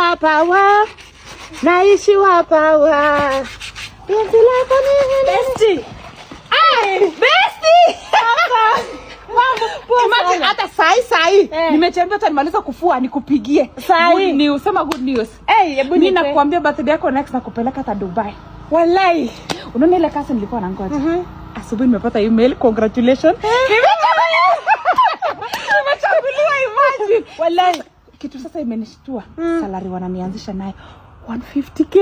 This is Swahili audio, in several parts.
wapawa, naishi wapawa. Penzi lako ni besti. Ai, besti. Imagine hata sai sai eh, nimetembea hata nimaliza kufua nikupigie. Sai ni usema good news. Eh, hebu ni nakuambia birthday yako next na kupeleka hata Dubai. Wallahi. Unaona ile kasi nilikuwa nangoja. Mhm. Uh-huh. Asubuhi nimepata email congratulations. nimechambuliwa Nimechaguliwa imagine. Wallahi kitu sasa imenishtua mm. Salari wananianzisha naye 150k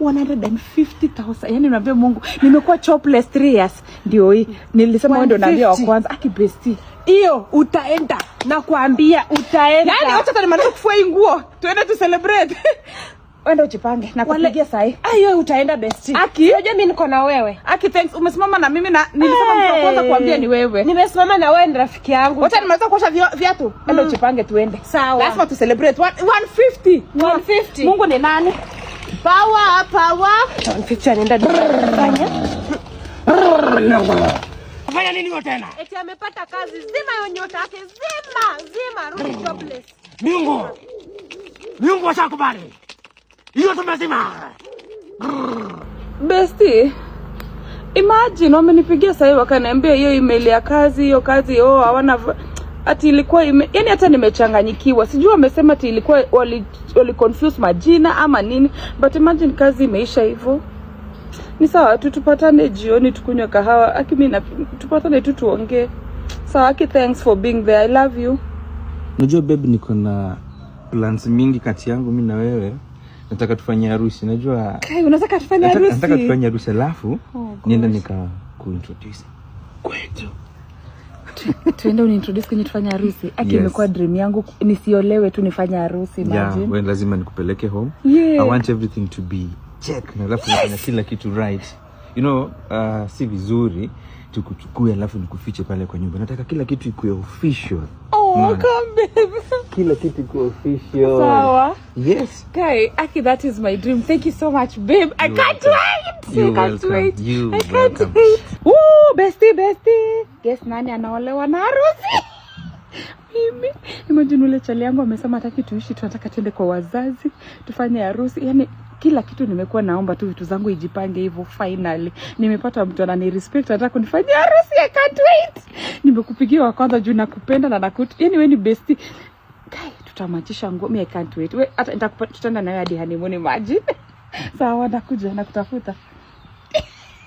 150,000. Yani unaambia Mungu, nimekuwa chopless 3 years ndio hii. Nilisema wewe ndio naambia wa kwanza. Aki besti. Hiyo utaenda na utaenda. yani acha tani maneno kufua nguo. Tuende tu celebrate. wende ujipange na kupigia sahi. Ayo utaenda besti. Aki. Unajua mimi niko na wewe. Aki thanks. Umesimama na mimi na nilisema hey, mtu kuambia ni wewe. Nimesimama na wewe ni rafiki yangu. Wacha nimaliza kuosha viatu. Wenda mm. ujipange tuende. Sawa. Lazima tu celebrate 150. 150. Mungu ni nani? Power power. 150 anaenda dukani. Fanya nini tena? Eti amepata kazi zima hiyo nyota yake zima zima rudi jobless. Mungu. Mungu ashakubali yote mazima. Besti, imagine wamenipigia sahii wakaniambia hiyo email ya kazi, hiyo kazi oh, hawana ati ilikuwa ime, yani hata nimechanganyikiwa, sijui wamesema ati ilikuwa wali, wali confuse majina ama nini, but imagine kazi imeisha hivyo. Ni sawa tu, tupatane jioni tukunywe kahawa. Aki mimi tupatane tu tuongee. Sawa Aki, thanks for being there, I love you. Unajua babe, niko na plans mingi kati yangu mimi na wewe nataka tufanye harusi, najua kai, unataka tufanye harusi, nataka tufanye harusi, alafu oh, nienda nika kuintroduce kwetu tuende introduce kwenye tufanye harusi. Aki, imekuwa Dream yangu nisiolewe tu nifanye harusi, imagine. wewe lazima nikupeleke home. Yeah. I want everything to be check na alafu nafanya yes. Kila kitu right. You know, uh, si vizuri tukuchukue alafu nikufiche pale kwa nyumba. Nataka kila kitu ikuwe official. Oh kila kitu Yes. Aki, that is my dream. Thank you so much, babe. I can't wait. I can't wait. You I can't wait. Woo, bestie, bestie. Guess nani anaolewa na harusi? Imagine ule chali yangu amesema hataki tuishi, tunataka tuende kwa wazazi, tufanye harusi. Yaani kila kitu nimekuwa naomba tu vitu zangu ijipange hivyo. Finally nimepata mtu anani respect, anataka kunifanyia harusi. I can't wait. Nimekupigia wa kwanza juu nakupenda na nakutu, yani wewe ni bestie kai, tutamachisha ngoma. I can't wait. Wewe hata nitakutana na wewe hadi honeymoon, imagine. Sawa, nakuja kutafuta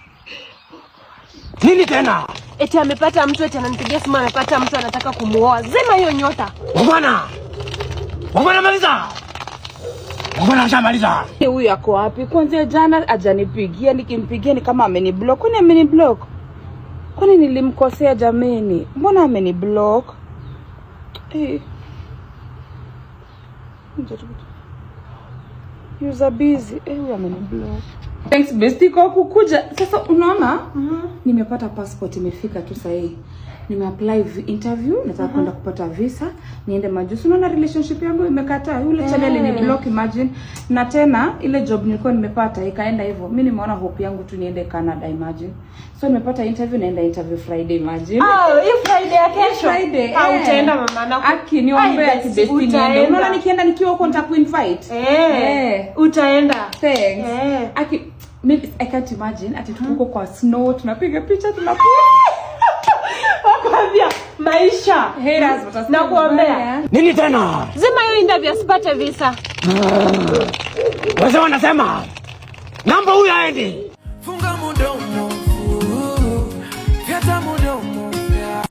Nini tena? Eti amepata mtu, eti ananipigia simu, amepata mtu anataka kumuoa. Zima hiyo nyota bwana bwana, maliza Mbona ushamaliza? Eh, huyu ako wapi? Kwanza jana ajanipigia, nikimpigia ni kama ameniblock. Kwani ameniblock? Kwani nilimkosea jameni? Mbona ameniblock? Eh. User busy. Eh, huyu ameniblock. Thanks bestie kwa kukuja. Sasa unaona? Mhm. Uh -huh. Nimepata passport imefika tu sasa hii. Nimeapply interview, nataka uh -huh. kwenda kupata visa, niende majusi. Unaona relationship yangu imekataa. Yule eh. channel mm ni block imagine. Na tena ile job nilikuwa nimepata ikaenda hivyo. Mimi nimeona hope yangu tu niende Canada imagine. So nimepata interview naenda interview Friday imagine. Oh, hii Friday ya kesho. Friday. Ah, yeah. Utaenda mama na Aki niombe ati bestie niende. Unaona nikienda nikiwa huko nitakuinvite. Eh. Hey. Eh. Hey. Utaenda. Thanks. Hey. Eh. Aki Maybe, I can't imagine ati tuko kwa snow tunapiga picha tunapo wakwambia maisha na kuombea nini tena, zima hiyo interview sipate visa. Ah. Wazee wanasema ng'ambo huyo aendi funga